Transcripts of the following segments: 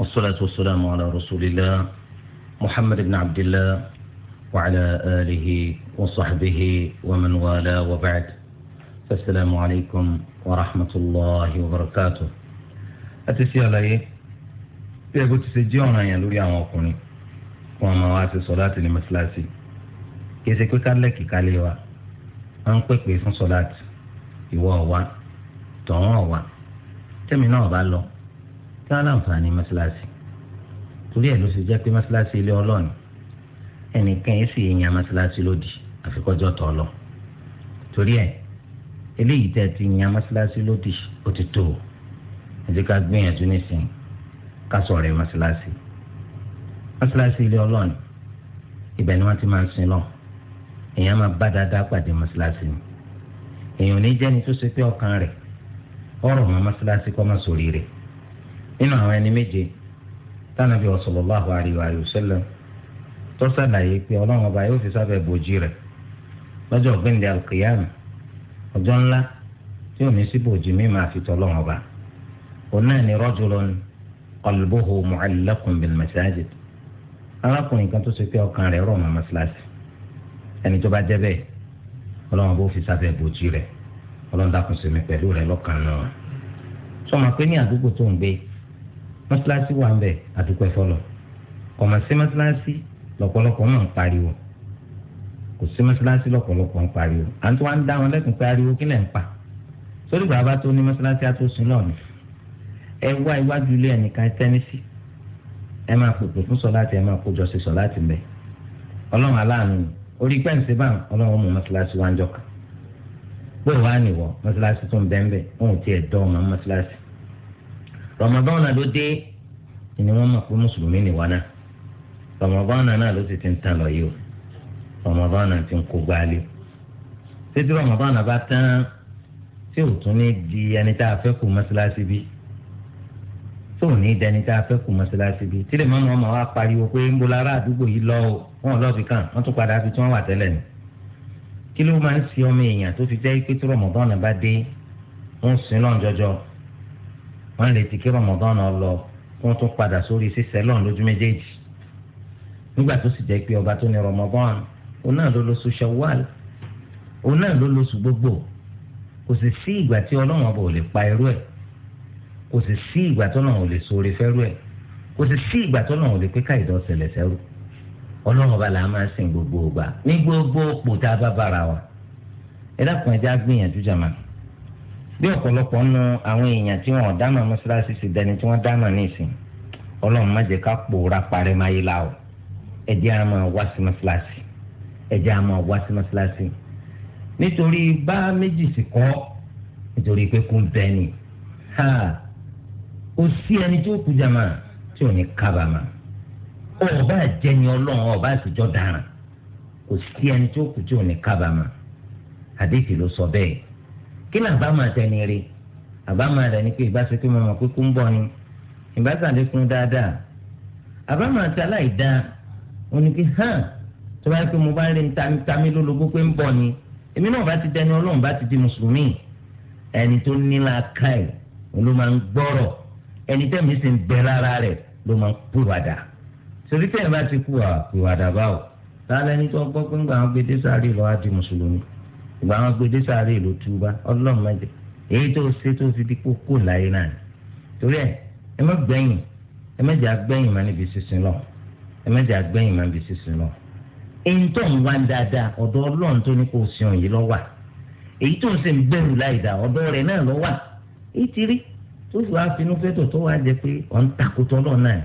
والصلاة والسلام على رسول الله محمد بن عبد الله وعلى آله وصحبه ومن والاه وبعد فالسلام عليكم ورحمة الله وبركاته أتسي علي يقول تسجيونا يا لوري أموكني وما واسي صلاة لمسلاسي kèsì pé ká lẹ́kì kálé wa à ń pèpè fún sọ́láàtì ìwọ ọ̀wá kí wọ́n láǹfààní mọ́ṣáláṣí torí ẹ̀ ló ṣe jẹ́ pé mọ́ṣáláṣí ilé ọlọ́run ẹnìkan yìí sì yan mọ́ṣáláṣí lòdì àfikọ́jọ́ tọ́ lọ torí ẹ̀ eléyìí tẹ́ ti yan mọ́ṣáláṣí lòdì ó ti tó o ẹ̀jẹ̀ ká gbìyànjú nísìnyí ká sọ̀rọ̀ ẹ̀ mọ́ṣáláṣí mọ́ṣáláṣí ilé ọlọ́run ibẹ̀ ni wọ́n ti máa ń sin lọ èèyàn máa bá dáadáa pàdé mọ́ṣáláṣí ni èèyàn ò ní jẹ́ni tó ṣe pé ọkàn rẹ̀ ọ̀rọ̀ mọ́ mọ́ṣáláṣí kọ́ máa sòrí rẹ̀ nínú àwọn ẹni méje tánàbí sallallahu alaihi wa sallam tó sàlàyé pé ọlọ́run ọba yóò fi sábẹ́ bòjì rẹ̀ lọ́jọ́ gbẹ̀ndẹ̀ alqiyam ọjọ́ ńlá tí ò ní sí bòjì mí máa fi tọ́lọ́run ọba òun náà ni rajulun qalbuhu mu'allaqun bil masajid arákùnrin kan tó ṣe pé ọkàn rẹ̀ rọ̀ mọ́ mọ́ṣáláṣí ẹni tó bá jẹ́ bẹ́ẹ̀ ọlọ́run bó fi sábẹ́ mọ́ṣáláṣí wà bẹ́ẹ̀ àdúgbò ẹ̀fọ́lọ̀ kọ̀mọ̀ sí mọ́ṣáláṣí lọ́pọ̀lọpọ̀ máa ń pariwo kò sí mọ́ṣáláṣí lọ́pọ̀lọpọ̀ ń pariwo à ń tó wá ń dá wọn lẹ́kùn pariwo kí lẹ̀ ń pa sórí bàbá tó ní mọ́ṣáláṣí á tó sùn lọ́ọ̀nù ẹ wá iwájú ilé ẹnìkan tẹ́nísì ẹ máa pèpè fún sọláàtì ẹ máa kójọ sí sọláàtì mbẹ ọlọ́run aláàánú orí pẹ́ǹsì bá ọlọ́run mú mọ́ṣáláṣí wá ń jọ kan bóyá wá nìwọ mọ́ṣáláṣí tó ń bẹ́ńbẹ́ òun ti ẹ̀ dọ́ ọmọ mọ́ṣáláṣí Ramadan náà ló dé ni wọ́n mọ̀ pé mùsùlùmí ni wọ́n náà Ramadan náà ló sì ti ń tàn lọ yìí o Ramadan náà ti ń kó gbáálé títí Ramadan náà bá tán tí ò tún ní di ẹni tá a fẹ́ kú mọ́ṣáláṣí bí tó ò ní dẹni tá a fẹ́ kú mọ́ṣáláṣí bí tí lè má mọ́ ọmọ wa pariwo pé ń bolo ará àdúgbò yìí lọ o wọn lọ́ọ́ fi kàn wọ́n tún padà fi tí wọ́n wà tẹ́lẹ̀ ni kí ló máa ń ṣe ọmọ èèyàn tó fi jẹ́ pé tí Ramadan náà bá dé wọ́n sin lọ́n jọjọ́ wọ́n ń retí kí Ramadan náà lọ kí wọ́n tún padà sórí ṣíṣẹ́ lọ́n lójú méjèèjì nígbà tó sì jẹ́ pé ọba tó ní Ramadan òun náà ló lóṣù Shawwal òun náà ló lóṣù gbogbo kò sì sí ìgbà tí Ọlọ́run ọba ò lè pa irú ẹ̀ kò sì sí ìgbà tí Ọlọ́run ò lè sóore fẹ́rú ẹ̀ kò sì sí ìgbà tí Ọlọ́run ò lè pé káyìdọ́ ṣẹlẹ̀ sẹ́rù Ọlọ́run ọba là á máa sìn gbogbo ìgbà ní gbogbo òpó tá a bá bára wa ẹ dákun ẹ já gbìyànjú jàmáà bí ọ̀pọ̀lọpọ̀ nu àwọn èèyàn tí wọ́n dáná mọ́ṣáláṣí ti dẹni tí wọ́n dáná nísìn ọlọ́run má jẹ́ ká pòórá parí máa yé la o ẹ á máa wá sí mọ́ṣáláṣí ẹ á máa wá sí mọ́ṣáláṣí nítorí bá méjì sì kọ́ nítorí pé ni ha ó sí ẹni tó kú jama tí ò ní kábàámà ọba àjẹni ọlọ́run ọba àtijọ́ dáràn kò sí ẹni tó kú tí ò ní kábàámà àdéhìí ló sọ bẹ́ẹ̀ kí ni àbámọ̀ àtẹni rè àbámọ̀ rẹ̀ ni pé ìbáṣe pé mọ̀ pé ń bọ̀ ni ìbáṣàlẹ̀ kún dáadáa àbámọ̀ àti aláìdáa òní pé hàn tó bá yẹ pé mo bá rí tamí lólobó pé ń bọ̀ ni èmi náà bá ti dẹni ọlọ́run bá ti di mùsùlùmí ẹni tó nílá káì ló máa ń gbọ́rọ̀ ẹni tẹ́mi sì ń bẹ lára rẹ̀ ló máa ń pùwàdà torí tẹ́yìn bá ti kú àpèwàdà báwò tálẹ́ni tó gbọ́ pé ń gbà wọn gbé dé sáré lọ́wọ́ ìgbà wọn gbé dé sáré ìlú túbá ọlọ́run mẹ́jọ èyí tó ṣe tó fi dípò kó láyé náà ni torí ẹ ẹ má gbẹ̀yìn ẹ má jẹ́ agbẹ̀yìn má níbi sísun lọ ẹ má jẹ́ agbẹ̀yìn má níbi sísun lọ. èyí tó ń wá dáadáa ọ̀dọ̀ ọlọ́run tó ní kó sùn yìí lọ́wà èyí tó ń ṣe ń bẹ̀rù láìda ọ̀dọ̀ rẹ̀ náà lọ́wà èyí ti rí tó fi wá finú fẹ́tọ̀ tó wá jẹ pé ọ̀n takùtọ̀ lọ náà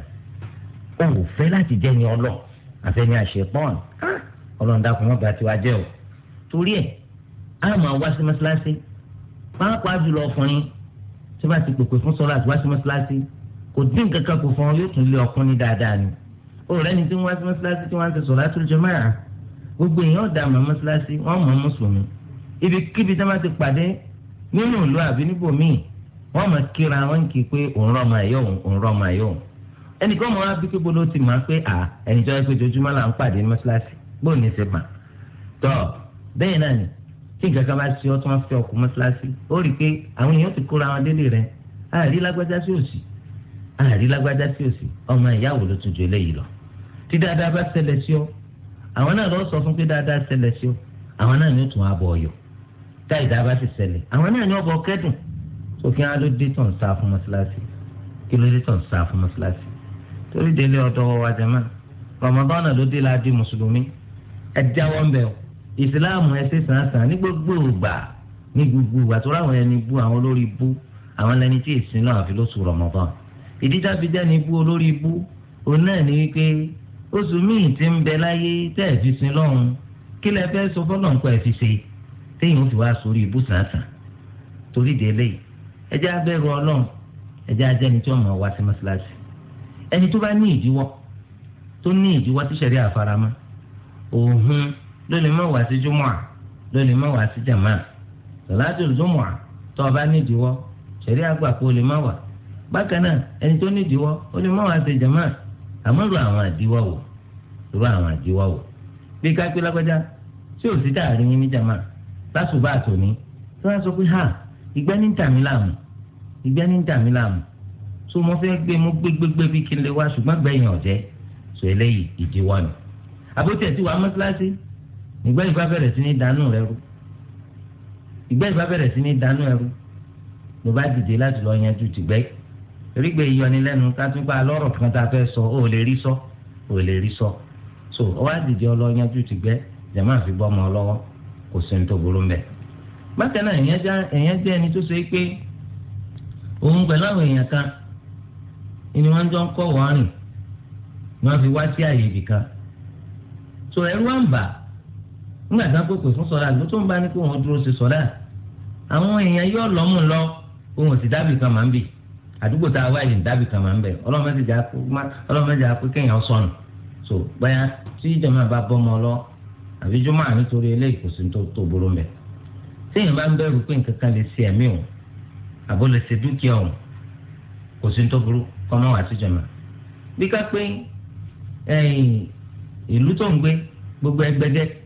ò fẹ́ láti á máa wá sí mọ́ṣáláṣí pàápàá jùlọ ọkùnrin tó bá ti pèpè fún sọ́lá àti wá sí mọ́ṣáláṣí kò dín kankan kò fún ọ yóò tún lé ọkùnrin dáadáa ni ó rẹ ni tí wọ́n wá sí mọ́ṣáláṣí tí wọ́n á ti sọ̀rọ̀ àtúnjọ máa gbogbo èèyàn dà mọ́ mọ́ṣáláṣí wọ́n mọ́ mùsùlùmí ibikíbi tí wọ́n ti pàdé nínú ìlú àbí níbòmíì wọ́n máa kíra wọn kì í pé òun rọ́ máa yọ̀ òun rọ́ máa yọ̀ ẹnìkan mọ̀ wá bí kí gbolo ti máa pé à ẹnìjọ́ ẹgbẹ́ ojoojúmọ́ là ń pàdé ní gbóòní ṣe mà tọ́ bẹ́ẹ̀ náà tí nǹkan kan bá ṣe ọ́ tí wọ́n fi ọkùnrin mọ́ṣáláṣí ó rí i pé àwọn èèyàn ti kóra wọn délé rẹ̀ àárí lágbájá sí òsì àárí lágbájá sí òsì ọmọ ìyàwó ló tún ju eléyìí lọ tí dáadáa bá ṣẹlẹ̀ sí ọ àwọn náà lọ sọ fún pé dáadáa ṣẹlẹ̀ sí ọ àwọn náà ní ó tún wá bọ ọyọ tá ìdá bá sì ṣẹlẹ̀ àwọn náà ní ọbọ kẹdùn òfin á ló dé tàn sá fún mọ́ṣáláṣí kí ló dé tàn sá fún mọ́ṣáláṣí torí ìsìláàmù ẹsẹ̀ sàǹsàn ní gbogbo ìgbà ní gbogbo ìgbà tó ráwọn ẹni bú àwọn olórí ibú àwọn lẹni tí èsì náà àfi lóṣù Ramadan ìdíjà fi jẹ́ ní ibú olórí ibú òun náà ní wípé oṣù míì ti ń bẹ láyé tẹ́ ẹ̀ fi sin lọ́run kí lẹ fẹ́ sọ fọ́nà nǹkan ẹ̀ fi ṣe téèyàn fi wá sórí ibú sàǹsàn torí délé ẹjẹ́ abẹ́rù ọlọ́run ẹjẹ́ ajẹ́ni tí wọ́n mọ̀ wá sí mọ́ṣáláṣí ló lè má wá sí júmọ́ à ló lè má wá sí jàmá à sọ̀láàtì júmọ́ à tó o bá nídìíwọ́ ṣẹ̀rí àgbà kó o lè má wá bákan náà ẹni tó nídìíwọ́ ó lè má wá sí jàmá à àmọ́ ru àwọn àdíwọ́ wò ru àwọn àdíwọ́ wò bí kápẹ́ lágbájá tí ò sí dàrí yín ní jàmá lásùbà àtòní tí wọ́n sọ pé ha ìgbẹ́ ní tàmí làmù ìgbẹ́ ní tàmí làmù tó mo fẹ́ gbé mo gbé bí kí n lè wá ṣùgbọ́n gbẹ̀yìn ọ̀jẹ́ sọ eléyìí ìdíwọ́ ni àbótẹ́ tí wàá mọ́sálásí ìgbẹ́ ìgbà bẹ̀rẹ̀ sí ní dànù rẹ rú ìgbẹ́ ìgbà bẹ̀rẹ̀ sí ní dànù rẹ rú ló bá dìde láti lọ yanjú tìgbẹ́ rígbẹ́ ìyọnilẹ́nu kátúgbà lọ́rọ̀ kan tá a fẹ́ sọ ó lè rí sọ ó lè rí sọ so ó wá dìde ọlọ yanjú tìgbẹ́ jẹ̀mọ́ àfi bọ́ ọmọ ọlọ́wọ́ kò sí ní tó mbẹ́ bákan náà èèyàn jẹ́ ẹni tó ṣe pé òun pẹ̀lú àwọn èèyàn kan ni wọ́n jọ ń kọ́ wọ́n rìn wọ́n fi wá sí àyè ibì kan so ẹrú àǹbá nígbà tí wọn pèpè fún sọlá ló tó ń bá ní kó wọn dúró ṣe sọlá àwọn èèyàn yóò lọ́mú lọ ohun ti dábì kan máa ń bì àdúgbò tá a wá yìí dábì kan máa ń bẹ ọlọ́mọdé àpò kéèyàn sọnù so báyà tí ìjọba bá bọ́mọ lọ àbí jọmọ́ àmì torí eléyìí kò sí tó burú mẹ́ téèyàn bá ń bẹ̀rù pé nǹkan kan lè ṣe ẹ̀mí òun àbó lè ṣe dúkìá òun kò sí tó burú kọ́mọ́ wà sí jọmọ́ bí ká pé ìlú tó ń gbé gbogbo ẹgbẹ́gẹ́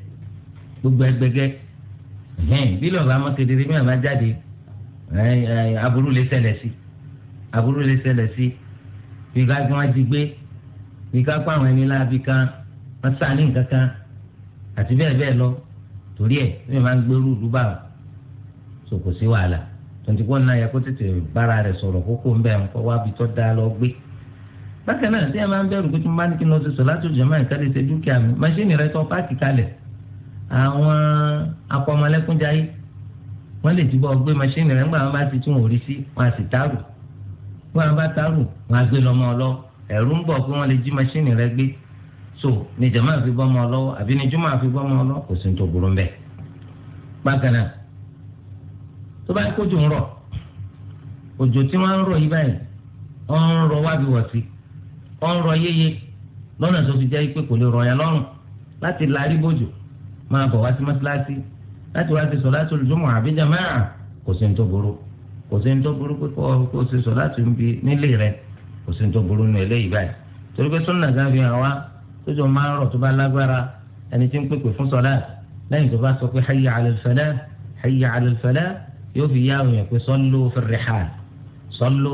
gbogbo ẹgbẹgẹ bí lọ́ba amákedere mi àbá jáde aburú lè ṣẹlẹ̀ sí aburú lè ṣẹlẹ̀ sí bí ká gbọ́n ajigbé bí ká pa àwọn ẹni láabi kan wọ́n sá ní nǹkan kan àti bẹ́ẹ̀ bẹ́ẹ̀ lọ torí ẹ̀ bí wọ́n máa ń gbèrú ìlú bá so kò sí wàhálà tonti kó náà yẹ kó tètè bára rẹ̀ sọ̀rọ̀ kókó ń bẹ̀ ń kọ́ wábi tó dáa lọ gbé bákan náà tí ẹ máa ń bẹ̀rù pé tí bá ní kí n lọ sí sọ láti ọjọ́ máa ń kálí ṣe dúkìá mi máṣíìnì rẹ tó páàkì kalẹ̀ àwọn apọmọlẹ́kúnjayé wọ́n lè túbọ̀ gbé machine rẹ̀ ńgbà wọn bá ti tún orí sí wọn á sì tààrù wọn bá tààrù wọn á gbé lọ́mọ ọlọ́ ń bọ̀ pé wọ́n lè jí machine rẹ̀ gbé so ní jama àfi bọ́ ọmọ ọlọ́wọ́ àbí ní juma àfi bọ́ ọmọ ọlọ́wọ́ kò sí ní tó burú ń bẹ̀. bákan náà tó bá kójú ń rọ̀ òjò tí wọ́n ń rọ̀ yìí báyìí ó ń rọ̀ wábi wọ̀ sí ó ń rọ̀ yéye lọ́nà tó fi jẹ́ pé kò lè rọ̀ yẹn lọ́rùn láti larí bójú máa bọ̀ wá sí mọ́sálásí láti wá sí solatul jumu'a àbí jamaa kò sí ní tó burú kò sí ní tó burú pé kó o ṣe solatu ń bi nílé rẹ kò sí ní tó burú nù eléyìí báyìí torí pé sunna gan fi hàn wá tó jọ máa ń rọ̀ tó bá lágbára ẹni tí ń pèpè fún solat lẹ́yìn tó bá sọ pé hayya ala al-falah yóò fi yá àwọn yẹn pé sallu fi rihal sallu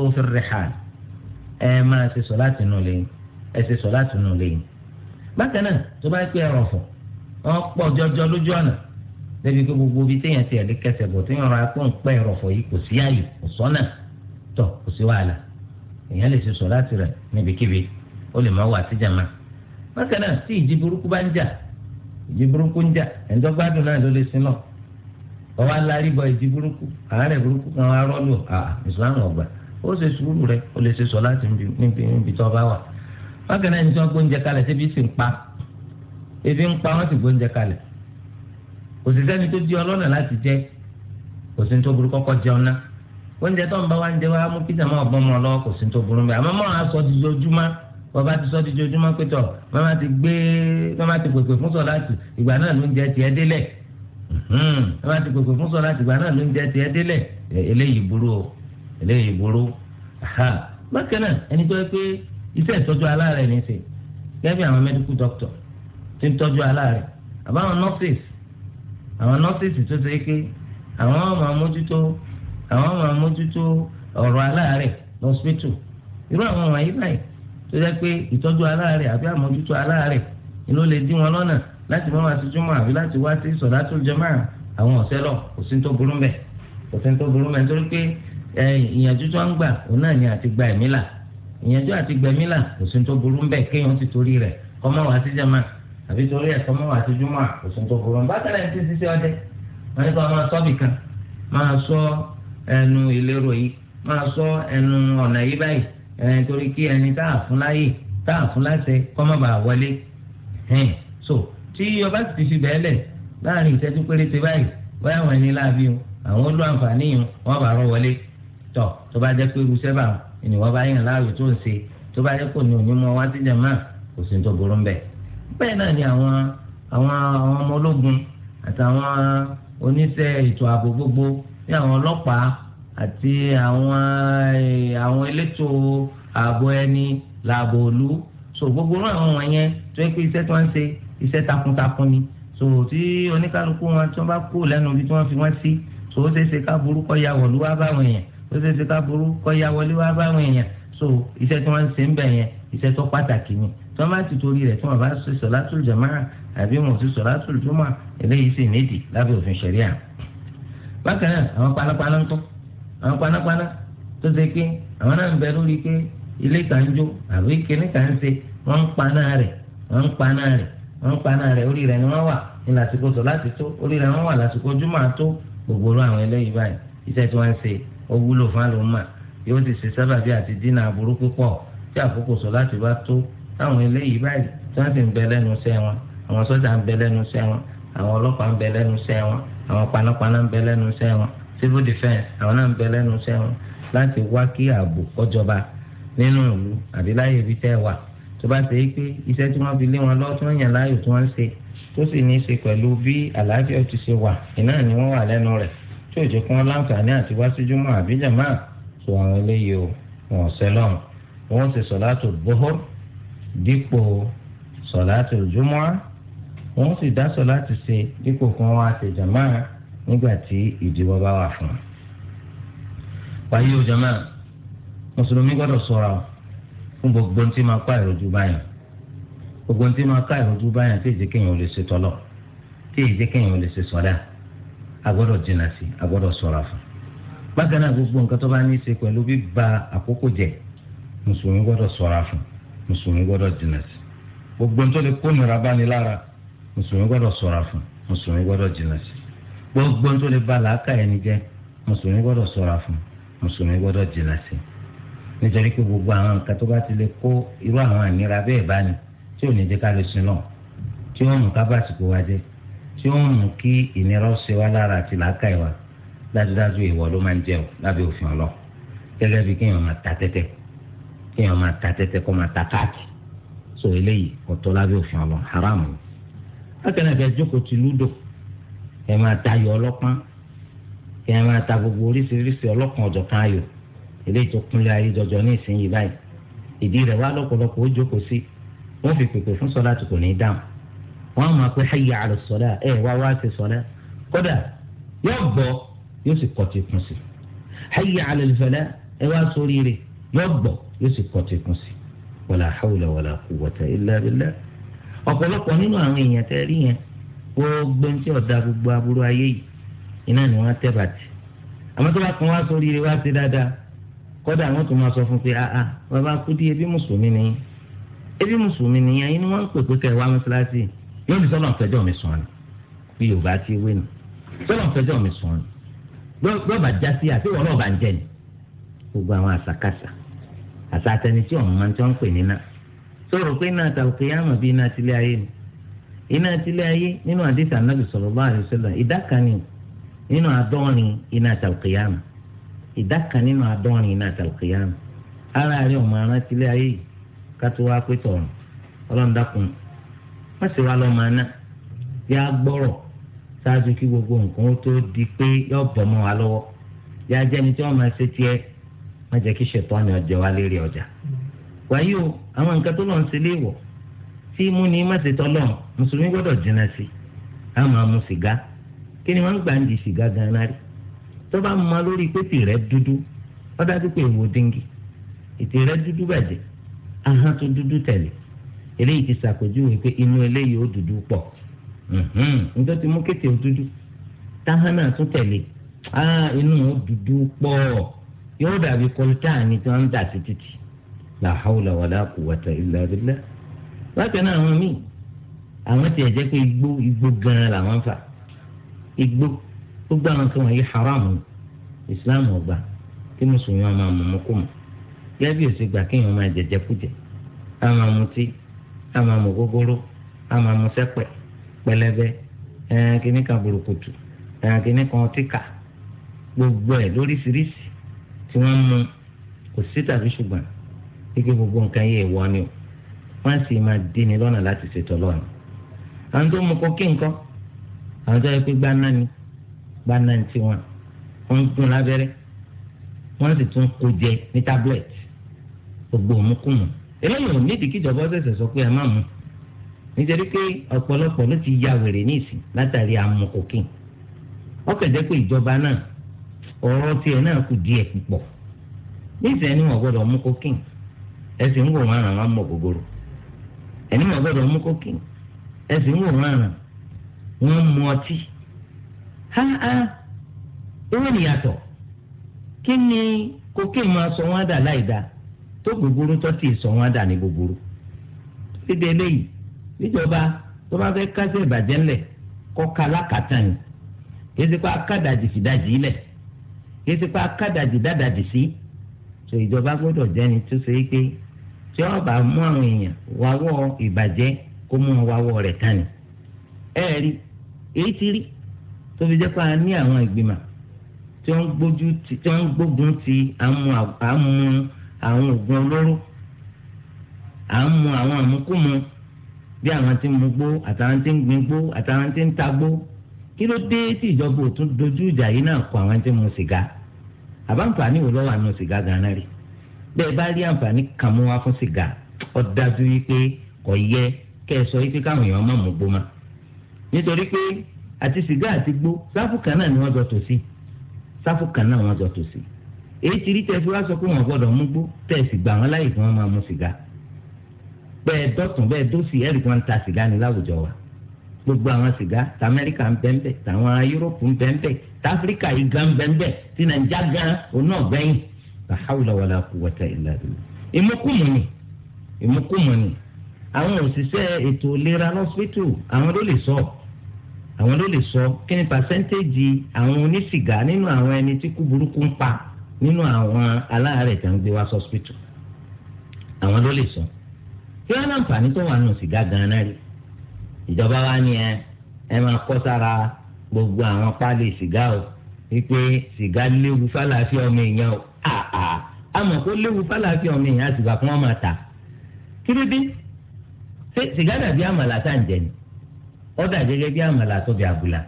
ẹ máa ṣe solatu nù lẹ́yìn ẹ ṣe solatu nù lẹ́yìn bákan náà tó bá pẹ́ ẹ̀rọ̀ fún wọ́n pọ̀ jọjọ lójú ọ̀nà débi pé gbogbo ibi téèyàn ti ẹ̀lẹ́ kẹsẹ̀ bọ̀ téèyàn ra pé ń pẹ́ ẹ̀rọ̀fọ̀ yìí kò sí àyè kò sọ́nà tọ̀ kò sí wàhálà èèyàn lè ṣe sọ láti rẹ̀ níbikíbi ó lè má wà sí jàmá bákan náà tí ìjì burúkú bá ń jà ìjì burúkú ń jà ẹ̀ńdọ́gbádùn náà ló lè sin náà wọ́n wá lárí bọ ìjì burúkú àárẹ̀ burúkú kan wá rọ́ọ̀lù ìsìlámù ọ̀gbà ó ṣe sùúrù rẹ̀ ó lè ṣe sọ láti níbi tó bá wà bákan náà ẹni tí wọ́n gbóúnjẹ kalẹ̀ síbi sì ń pa ebi ń pa wọn sì gbóúnjẹ kalẹ̀ kò sì sẹ́ni tó di ọlọ́nà láti jẹ kò sí ní tó burú kọ́kọ́ jẹun ná oúnjẹ tó ń bá wa ń jẹ wa mú pizza máa gbọ́n mọ́ ọ lọ́wọ́ kò sí ní tó burú mẹ́ àmọ́ máa sọ di ojoojúmọ́ bàbá ti sọ di ojoojúmọ́ pé tọ̀ màmá ti gbé màmá ti pèpè fún sọ láti ìgbà náà lóúnjẹ tiẹ̀ délẹ̀ hmm, màmá ti pèpè fún sọ láti ìgbà náà lóúnjẹ tiẹ̀ délẹ̀ eléyìí burú o eléyìí burú bákan náà ẹni tó yẹ pé iṣẹ́ ìtọ́jú aláàárẹ̀ ní í ṣe gẹ́gẹ́ bí àwọn medical doctor tí ń tọ́jú aláàrẹ̀ àbáwọn nurses àwọn nurses tó ṣe é ké àwọn máa mójútó àwọn máa mójútó ọ̀rọ̀ aláàrẹ̀ lọ́sípítù irú àwọn wọ̀nyí báyìí tó jẹ́ pé ìtọ́jú aláàrẹ̀ àbí àmójútó aláàrẹ̀ inú lè dí wọn lọ́nà láti mọ́ àti júmọ́ àbí láti wá sí sọ̀dátù jẹ́mọ́ àwọn ọ̀sẹ́ lọ kò sí tó burú mẹ́ kò sí tó burú mẹ́ nítorí pé ìyànjú tó ń gbà òun náà ni àti gba ẹ̀mí là ìyànjú àti gbẹ̀mí là kò sí tó burú mẹ́ kéèyàn ti torí rẹ̀ kọ́ mọ́ wá sí jẹ́mọ́ àbí torí ẹ̀kọ́ mọ́wàá àti júmọ́ àkóso tó burú bákan náà ti ṣiṣẹ́ ọdẹ wọn ní kó máa sọ bìkan máa sọ ẹnu ìlérò yìí máa sọ ẹnu ọ̀nà yìí báyìí ẹni torí kí ẹni tá a fún láyè tá a fún láṣẹ kọ́ má bàa wọlé ẹ̀ẹ́n so tí ọba ti fi bẹ́ẹ̀ lẹ̀ láàrin ìṣẹ́jú péréte báyìí báyà wọn ní láàbí o àwọn olú àǹfààní yìí wọn bá rọ wọlé tọ tó bá jẹ́ pé irú sẹ́bà ni wọ́n bá yàn láàrú tó ń ṣe tó bá jẹ́ pé òní òní mọ́ wá sí jàmáà kò sí ní tó burú ń bẹ́ẹ̀ bẹ́ẹ̀ náà ni àwọn àwọn àwọn ọmọ ológun àtàwọn oníṣẹ́ ètò ààbò gbogbo ní àwọn ọlọ́pàá àti àwọn àwọn elétò ààbò ẹni làbò òlu so gbogbo náà àwọn wọ̀nyẹn tó yẹ pé iṣẹ́ tó ń ṣe iṣẹ́ takuntakun ni so tí oníkálukú wọn tí wọ́n bá kú lẹ́nu ibi tí wọ́n fi wọ́n sí so ó ṣeéṣe ká burú kọ́ ya wọ̀lú wá báwọn èèyàn ó ṣeéṣe ká burú kọ́ ya wọlé wá báwọn èèyàn so iṣẹ́ tí wọ́n ń ṣe ń bẹ̀ yẹn iṣẹ́ tó pàtàkì ni tí wọ́n bá ti torí rẹ̀ tí wọ́n bá ṣe sọ̀látùl jàmáà àbí wọn ò ti sọ̀látùl jùmọ̀ eléyìí sì nídìí lábẹ́ òfin ṣẹ̀ríà. bákan náà àwọn panápaná ń tọ́ àwọn panápaná tó ṣe pé àwọn náà ń bẹ lórí pé ilé kan ń jó àbí kíní kan ń ṣe wọ́n ń paná rẹ̀ wọ́n ń paná rẹ̀ wọ́n ń paná rẹ̀ orí rẹ̀ ni wọ́n wà ní lásìkò sọ̀láàtì tó orí rẹ̀ wọ́n wà lásìkò jùmọ̀ tó gbogbo àwọn eléyìí báyìí iṣẹ́ tí wọ́n ṣe ó wúlò fún àlòmọ́ yóò ti ṣe sábàbí àti dínà burúkú pọ̀ tí àkókò sọ̀láàtì bá tó táwọn eléyìí báyìí tí wọ́n sì ń bẹ lẹ́nu iṣẹ́ wọn àwọn sọ́jà ń bẹ lẹ́nu iṣẹ́ wọn àwọn ọlọ́pàá ń bẹ lẹ́nu iṣẹ́ wọn àwọn panápaná ń bẹ lẹ́nu iṣẹ́ wọn civil defence àwọn náà ń bẹ lẹ́nu iṣẹ́ wọn láti wá kí ààbò kọjọba nínú ìlú àbí láyé ibi tẹ́ wà tó bá ṣe é pé iṣẹ́ tí wọ́n fi lé wọn lọ tí wọ́n yàn láàyò tí wọ́n ṣe tó sì ní í ṣe pẹ̀lú bí àlàáfíà ti ṣe wà iná ni wọ́n wà lẹ́nu rẹ̀ tí ò jẹ́ kí wọ́n láǹfààní àti wá sí júmọ́ àbí jàmáà àwọn eléyìí o wọn ò wọn sì sọ̀ látò bóhó dípò sọ̀láàtì jumu'a wọ́n sì dá sọ̀láàtì ṣe dípò kan wá ṣe jàmáà nígbà tí ìdíwọ́ bá wà fún un. wáyé o mùsùlùmí gbọ́dọ̀ ṣọ́ra fún gbogbo tí máa pa ìrojú báyìí gbogbo tí máa ká ìrojú báyìí tí èjì kéèyàn ò lè ṣe tọ́lọ̀ tí èjì kéèyàn ò lè ṣe sọ̀dá agbọ́dọ̀ jìnnà sí agbọ́dọ̀ ṣọ́ra fún bákan náà gbogbo nǹkan tó bá ní í ṣe pẹ̀lú bíba àkókò jẹ mùsùlùmí gbọ́dọ̀ ṣọ́ra fún un mùsùlùmí gbọ́dọ̀ jìnnà sí gbogbo tó lè kó nira bá ní lára mùsùlùmí gbọ́dọ̀ ṣọ́ra fún mùsùlùmí gbọ́dọ̀ jìnnà sí gbogbo tó lè ba làákà ẹni jẹ́ mùsùlùmí gbọ́dọ̀ ṣọ́ra fún mùsùlùmí gbọ́dọ̀ jìnnà sí nítorí pé gbogbo àwọn nǹkan tó bá ti lè kó irú àwọn àníra bẹ́ẹ̀ bá ní tí ò ní jẹ́ ká lè sin náà tí ó mú ká bàtìkò wa jẹ́ tí ó mú kí ìnira ṣe wá lára àti làákà ìwà dájúdájú ìwọ ló máa ń jẹ ọ lábẹ́ òfin ọlọ gẹ́gẹ́ bí kéèyàn máa ta tẹ́tẹ́ kéèyàn máa ta tẹ́tẹ́ kó máa ta káàdì so eléyìí ọ̀tọ̀ lábẹ́ òfin ọlọ́run haram ni. akẹ́nà ìfẹ́ jókòó ti lúdò ẹ máa tayò ọlọ́pàá kí ẹ máa ta gbogbo oríṣiríṣi ọlọ́kan ọ̀jọ̀kan ayò eléyìí tó kúnlẹ̀ ayé jọjọ ní ìsinyìí báyìí ìdí rẹ̀ wá lọ́pọ̀lọpọ̀ ó jókòó sí wọ́n fi pèpè fún sọ́lá tí kò ní dáhùn wọ́n máa pé hayya ala sọ́lá ẹ̀ wá wá ti yọgbọ yóò sì kọ tẹkùn sí wàlà hàwùlà wàlà quwwata illa billah ọ̀pọ̀lọpọ̀ nínú àwọn èèyàn tẹ́ rí yẹn gbogbo ní tí ọ̀dà gbogbo aburú ayé yìí iná ni wọ́n tẹ́ bàtì àmọ́ tó bá kàn wá sórí rẹ wá sí dáadáa kọ́dà àwọn tó máa sọ fún pé àà bàbá kúdí ebi mùsùlùmí ni ebi mùsùlùmí ni yẹn inú wọn pè pé kẹ́ wá mọ́ṣáláṣí yóò di sọ́nà ọ̀fẹ́jọ́ mi sùn ni bí Yorùbá ti wé ni sọ́nà ọ̀fẹ́jọ́ mi sùn ni bí gbogbo àwọn àṣàkáṣà àṣà àtẹni tí òun máa ń tọ́ ń pè nínà sọ̀rọ̀ pé iná àtàkùn yà mọ̀ bí iná tilé ayé ni iná tilé ayé nínú àdìsí anábì sallallahu alaihi wasallam ìdá kan ni nínú àdọ́rin iná mọ̀ ìdá ara rẹ̀ tilé ayé yìí kátó wá pé wọ́n sì wá lọ́ máa ná yá gbọ́rọ̀ kí gbogbo nǹkan ó tó di pé yọ má jẹ́ kí ṣètọ́ ni ọjọ́ wa lérí ọjà. wàyí o àwọn nǹkan tó lọ́n ṣe léèwọ̀ tí mú ni má ṣe tọ́lọ̀ mùsùlùmí gbọ́dọ̀ jìnnà sí i á máa mu sìgá kí ni wọ́n ń gbà ń di sìgá gan-an rí tó bá mọ lórí pépì rẹ dúdú ó dájú pé èwo dínkì ètè dúdú bàjẹ́ ahọ́n tó dúdú tẹ̀lé eléyìí ti ṣàpèjúwe pé inú eléyìí ó dúdú pọ̀ nítorí ti mú kété dúdú táhánà tó tẹ̀lé ah inú ó dúdú pọ̀ yóò dàbí kọ́ńtà ni tí wọ́n ń dà sí títì la hawla wala quwwata illa billah bákan náà àwọn míì àwọn tiẹ̀ jẹ́ pé igbó igbó gan-an làwọn fà igbó gbogbo àwọn kan wọ̀nyí haramu islam ọgbà kí mùsùlùmí wọn máa mú mú kú mu gẹ́gẹ́ bí òsì gbà kéèyàn máa jẹjẹ kújẹ á máa mutí á máa mú gógóró sẹ́pẹ̀ pẹlẹbẹ ẹ̀ẹ́n kìnnìkan burúkutu ẹ̀ẹ́n kìnnìkan tíkà gbogbo ẹ̀ lóríṣiríṣi tí wọ́n mú kò sí tàbí ṣùgbọ́n gbígbé gbogbo nǹkan yẹ ìwọ ni o wọ́n sì máa dín ní lọ́nà láti ṣètò lọ́nà. àwọn tó mú kó kí nǹkan àwọn tó yẹ pé gbaná ni gbaná ni tiwọn wọ́n ń gún lábẹ́rẹ́ wọ́n sì tún kó jẹ ní tablet gbogbo òmùkùmù eléyìí ò nídìí kíjọba ṣẹ̀ṣẹ̀ sọ pé ẹ má mú nítorí pé ọ̀pọ̀lọpọ̀ ló ti ya wèrè ní ìsìn látàrí àmukòkì ọkọ̀ pé ìjọba náà ọ̀rọ̀ tiẹ̀ náà kù díẹ̀ púpọ̀ níṣẹ́ ni wọ́n gbọ́dọ̀ mú kókìn ẹ̀sìn ń wò wọ́n àràn wọn mọ̀ gbogbooro ẹ̀ní wọ́n gbọ́dọ̀ mú kókìn ẹ̀sìn ń ha ha ewé nìyàtọ̀ kí ni kókìn máa sọ wọ́n dà láìda tó sọ dà ní síbi eléyìí níjọba tó bá fẹ́ kásẹ̀ ìbàjẹ́ ńlẹ̀ kọ́ ni kí ẹ ti kọ́ akádàjì fìdájì kì í ti pa kádàjì dádàjì sí so ìjọba gbọ́dọ̀ jẹ́ni tó ṣe é pé tí wọ́n bá mú àwọn èèyàn wáwọ́ ìbàjẹ́ kó mú wọn wáwọ́ rẹ̀ tán ni ẹ rí èyí ti rí tó fi jẹ́ pé a ní àwọn ìgbìmọ̀ tí wọ́n gbójú ti tí wọ́n gbógun ti àmú àwọn oògùn olóró àmú àwọn àmúkùmù bí àwọn tí ń mu gbó àtàwọn tí ń gbin gbó àtàwọn tí ń ta gbó kí ló dé tí ìjọba ò tún dojú ìjà yìí náà kọ àwọn tí ń mu sìgá àbáǹfààní wo lọ́wọ́ àánú sìgá ganan rí bẹ́ẹ̀ bá rí àǹfààní kan mú wá fún sìgá ó dájú wípé kò yẹ kẹ́ ẹ sọ wípé káwọn èèyàn má mú gbó ma nítorí pé àti sìgá àti gbó sáfù kan náà ni wọ́n jọ tò sí sáfù kan náà wọ́n jọ tò sí èyí ti rí tẹ́sí wá sọ pé wọ́n gbọ́dọ̀ mú gbó tẹ̀sí gbà wọ́n láyè kí wọ́n máa mú sìgá bẹ́ẹ̀ dọ̀tún bẹ́ẹ̀ dọ́sì ẹ̀rì kan ta sìgá ni láwùjọ wa gbogbo àwọn sìgá tamẹ́ríkà ń bẹ́ńbẹ́ tàwọn yúróòpù ń bẹ́ńbẹ́ táfíríkà yìí gan bẹ́ńbẹ́ tí nàìjíríà gan oná gbẹ́yìn làhàwùlà wàlà quwwata illa billah. ìmúkùmù ni ìmúkùmù ni àwọn òṣìṣẹ́ ètò ìlera lọ́sítò àwọn ló lè sọ àwọn ló lè sọ kí ni pàṣẹ́ntéèjì àwọn onísìgá nínú àwọn ẹni tí kú burúkú ń pa nínú àwọn aláàárẹ̀ tó ń gbé wá sọ́sítò àwọn ló lè sọ kí wọ́n láǹfààní tó wà nù sìgá gan-an náà rí ìjọba wa ni ẹ ẹ máa kọ́ sára gbogbo àwọn páálí sìgá o wípé sìgá léwu fálàáfíà ọmọ èèyàn o àà àmọ́ kó léwu fálàáfíà ọmọ èèyàn àsìgbà kí wọ́n máa tà kí ló dé ṣé sìgá dàbí àmàlà tá à ń jẹ ni ó dà gẹ́gẹ́ bí àmàlà tó bí àbùlà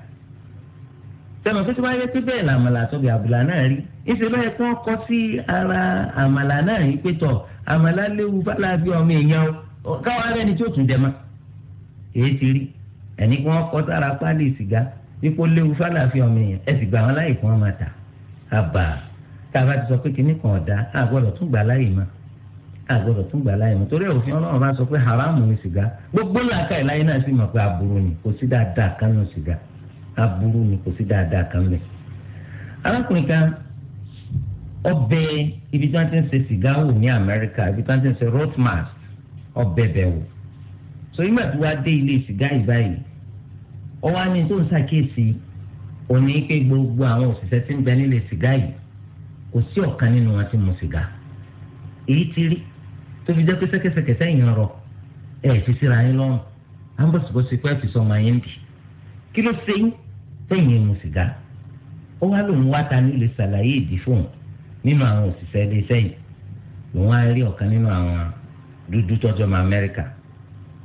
sẹ́nu tó ti wáyé pé bẹ́ẹ̀ la àmàlà tó bí àbùlà náà rí ìṣèlú ẹ̀ kọ́ kọ́ sí ara àmàlà náà yìí pé tọ̀ àmàlà léwu fálàáfíà ọmọ èèyàn o káwọn arẹ́ni tó tún jẹ máa èyí ti rí ẹni kí wọ́n kọ́ sára pálí sìgá ipò léwu fàlàfin ọmọ èèyàn ẹ sì gbà wọn láyè kí wọ́n máa tà àbà tá a bá ti sọ pé kinní kan ọ̀dà a gbọ́dọ̀ tún gbà láyè mọ́ a gbọ́dọ̀ tún gbà láyè mọ́ torí òfin ọlọ́run bá sọ pé haramu ni sìgá gbogbo làákà ìláyé náà sì mọ̀ pé aburú ni kò sí dáadáa kan nù sìgá aburú ni kò sí dáadáa kan mẹ́. arákùnrin kan ọbẹ̀ ibi tí wọ́n ti ń ṣe sìgá wò ní Amẹ́ríkà ibi tí wọ́n ti ń ṣe road mask ọbẹ̀ bẹ̀ wò so ma tí wàá ile ilé sìgá ìbáyìí ó wá ní tó ń ṣàkíyèsí òní pé gbogbo àwọn òṣìṣẹ́ tí ń bẹ nílé yìí kò sí ọ̀kan nínú wọn mu èyí ti rí tó jẹ́ pé ṣẹ́kẹ́ṣẹkẹ̀ sẹ́yìn rọ ẹ̀ fi síra yín lọ́rùn à ń bọ̀sibọ̀si pé ẹ̀ fi sọ ọmọ yín bì kí ló ṣe yín sẹ́yìn mu ó wá lòun wá ta nílé ṣàlàyé ìdí fóun nínú àwọn òṣìṣẹ́ ilé sẹ́yìn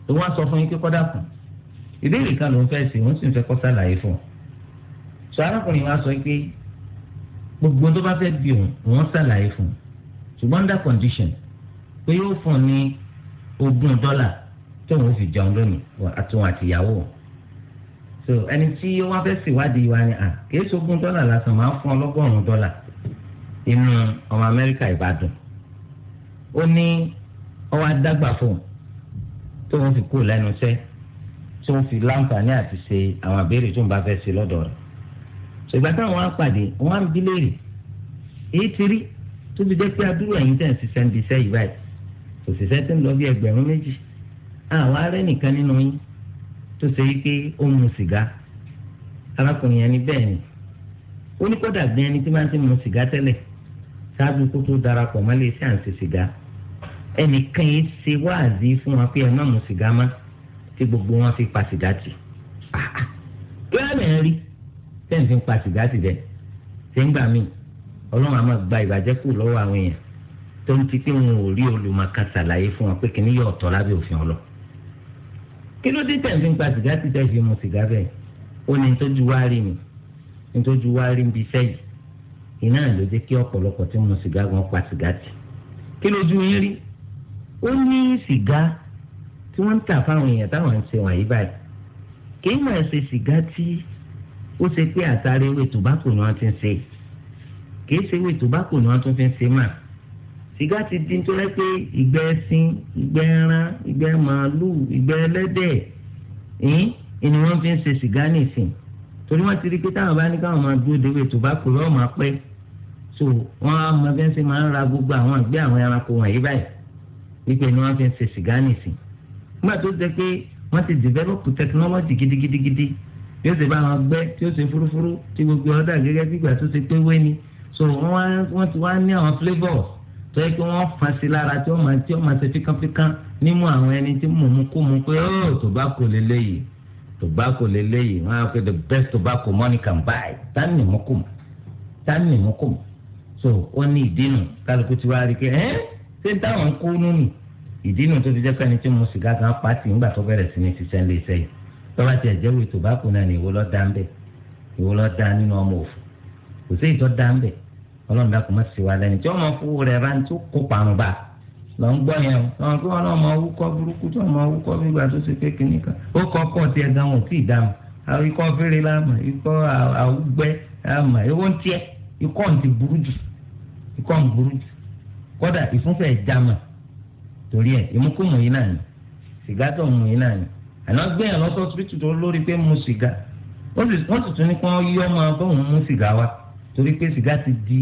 ló wá sọ fún yín pé kọ́ dàkùn ìbéèrè kan ló ń fẹ́ ṣe wọ́n sì ń fẹ́ kọ́ sàlàyé fún un sọ arákùnrin wa sọ pé gbogbo tó bá fẹ́ bí òun wọ́n sàlàyé fún un ṣùgbọ́n under condition pé yóò fún un ní ogún dọ́là tó òun fi jẹun lónìí àtúnwò àtìyàwó so ẹni tí ó wá fẹ́ ṣèwádìí wa ni à kìí ṣogún dọ́là lásán máa ń fún ọlọ́gọ́rùn-ún dọ́là inú ọmọ amẹ́ríkà ìbàdàn ó ní ọwọ́ adágbà fún un tó wọ́n fi kú lẹ́nu iṣẹ́ tí wọ́n fi láǹfààní àti ṣe àwọn àbẹ̀rẹ̀ tó ń bá fẹ́ ṣe lọ́dọ̀ rẹ̀ ṣùgbọ́n táwọn á pàdé wọ́n á bí léèrè èyí ti rí tó fi jẹ́ pé adúrú ẹ̀yìn tẹ̀ ń ṣiṣẹ́ ń diṣẹ́ yìí báyìí òṣìṣẹ́ tó ń lọ bí ẹgbẹ̀rún méjì àwọn arẹ́ nìkan nínú yín tó ṣe yí pé ó mu sìgá arákùnrin yẹn bẹ́ẹ̀ ni ó ní kódà gbé ẹni tí máa ń ti mu sìgá tẹ́lẹ̀ ṣáájú kó tó darapọ̀ mọ́lẹ̀ à ń ṣe sìgá ẹnìkan yìí ṣe wáàzí fún wa pé ẹ má mu sìgá má tí gbogbo wọn fi pa sìgá tì bóyá lè rí sẹ́yìn fi ń pa sìgá tì bẹ́ẹ̀ ṣé ń gbà mí ọlọ́run àmọ́ gba ìbàjẹ́ kù lọ́wọ́ àwọn èèyàn tó ń ti pé wọn ò rí olùmọ̀ọ́ká ṣàlàyé fún wa pé kìnní yọ ọ̀tọ̀ lábẹ́ òfin ọlọ kí ló dé tẹ̀ ń fi ń pa sìgá tì tẹ̀ fi mu sìgá bẹ́ẹ̀ ó ní nítorí wá rí mi nítorí wá rí ibi iṣẹ́ yìí iná ló jẹ́ kí ọ̀pọ̀lọpọ̀ tí mo sìgá gan pa sìgá tì kí lójú yín rí ó ní sìgá tí wọ́n ń tà fáwọn èèyàn táwọn ń ṣe wọ̀nyí báyìí kì í máa ṣe sìgá tí ó ṣe pé àtàrí ewé tòbákò ni wọ́n ti ń ṣe kì í ṣe ewé tòbákò ni wọ́n tún fi ń ṣe mà sìgá ti di tó pé ìgbẹ́ ẹṣin ìgbẹ́ ẹran ìgbẹ́ màálùú ìgbẹ́ ẹlẹ́dẹ̀ ẹ̀yìn ni wọ́n fi ń ṣe sìgá nìsín torí wọ́n ti rí pé táwọn bá ní káwọn máa dúró de ewé tòbákò yóò máa pẹ́ so wọ́n á mọ bí wọ́n ṣe máa ń ra gbogbo àwọn ìgbẹ́ àwọn ẹranko wọ̀nyí báyìí wípé ni wọ́n fi ń ṣe sìgá nìsín nígbà tó jẹ́ pé wọ́n ti develop technology gidigidigidi bí ó ṣe bá wọn gbẹ́ tí ó ṣe fúrúfúrú tí gbogbo ọ̀dà gẹ́gẹ́ bí ìgbà tó ṣe pé wé ni so wọ́n ti wá ní àwọn flavours tó yẹ kí wọ́n fà sí lára tí wọ́n máa tí wọ́n máa ṣe fíkánfíkán nímú àwọn ẹni tí mò ń kú mu pé ó oh, tobacco lélẹ́yìí tobacco lélẹ́yìí wọ́n á pè the best tobacco money can buy tani ni mo kù mu tani so ó ní ìdí nù kálukú ti wá rí i pé ẹ́ẹ́ ṣé dáhùn kó nínú ìdí nu tó fi jẹ́ pé ẹni tí mo sìgá kan pàtì ńgbà tó bẹ̀rẹ̀ sí ní ṣiṣẹ́ ń lé iṣẹ́ yìí tọ́lá tiẹ̀ jẹ́ wí tòbákù náà ni ìwọ lọ́ọ́ dá ń bẹ̀ ìwọ lọ́ọ́ dá nínú ọmọ òfò kò sí ìtọ́ dá ń bẹ̀ ọlọ́run dàkú má sì wá lẹ́ni tí ọmọ fowó rẹ̀ bá ń tó kó parun bá lọ ń gbọ́ yẹn o lọ́wọ́n pé ọlọ́mọ awúkọ́ burúkú tí ọmọ awúkọ́ nígbà tó ṣe pé kinní kan ó kọ́ kọ́ tiẹ̀ gan wọn ò ikọ́ ń ti burú jù ikọ́ ń burú jù kódà ìfúnfẹ́ jama torí ẹ̀ ìmúkúmù yìí náà ni sìgá tó mú yìí náà ni àná gbé yàn lọ́sọ̀ síbítù tó lórí pé mu sìgá wọ́n sì tún ní kí wọ́n yí ọmọ bóun mú sìgá wa torí pé sìgá ti di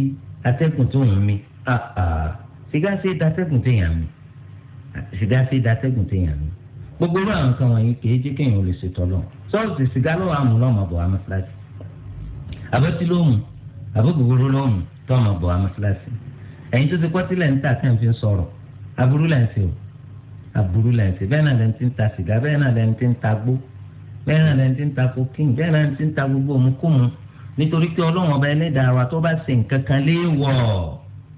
atẹ́gùn tó ń mi ah, ah. sìgá ṣe datẹ́gùn téèyàn mi sìgá ṣe datẹ́gùn téèyàn mi gbogbo irú àwọn kan wọ̀nyí kì í jẹ́ kéèyàn ò lè ṣètò lọ sọ́ọ̀sì sìgá lọ́wọ́ àmú lọ́mọ bọ̀ àmọ́ síláṣí àbẹ́tí ló mú àbẹ́gbogbo ló mú tọ́mọ bọ̀ àmọ́ ẹ̀yin tó ti kọ́ sílẹ̀ ń tà tí wọ́n fi ń sọ̀rọ̀ aburú là ń ṣe o aburú là ń ṣe bẹ́ẹ̀ náà lẹ́ni tí ń ta sìgá bẹ́ẹ̀ náà lẹ́ni tí ń ta gbó bẹ́ẹ̀ náà lẹ́ni tí ń ta kokéèn bẹ́ẹ̀ náà lẹ́ni tí ń ta gbogbo òmùkùmù nítorí pé ọlọ́run ọba ẹlẹ́dàá wa tó bá ṣe nǹkan kan léèwọ̀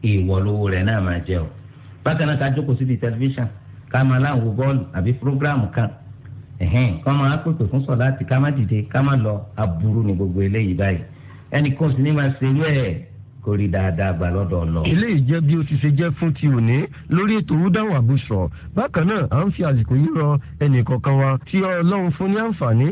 èèwọ̀ lówó rẹ̀ náà máa jẹ o bákan náà ká jókòó síbi tẹlifíṣàn ká máa láwo bọ́ọ̀lù àbí prógráàmù kan ẹ̀hìn ká máa pèpè fún sọ̀láàtì ká má dìde ká má lọ aburú ni gbogbo eléyìí báyìí ẹnì kan sì ní máa ṣerú ẹ̀ kórìí dáadáa gbà lọ́dọ̀ ọ̀nà. eléyìí jẹ́ bí ó ti ṣe jẹ́ fún ti òní lórí ètò rúdáwà bùsọ̀ bákan náà à ń fi àsìkò yìí rọ ẹnìkọ̀ọ̀kan wa tí ọlọ́run fún ní àǹfààní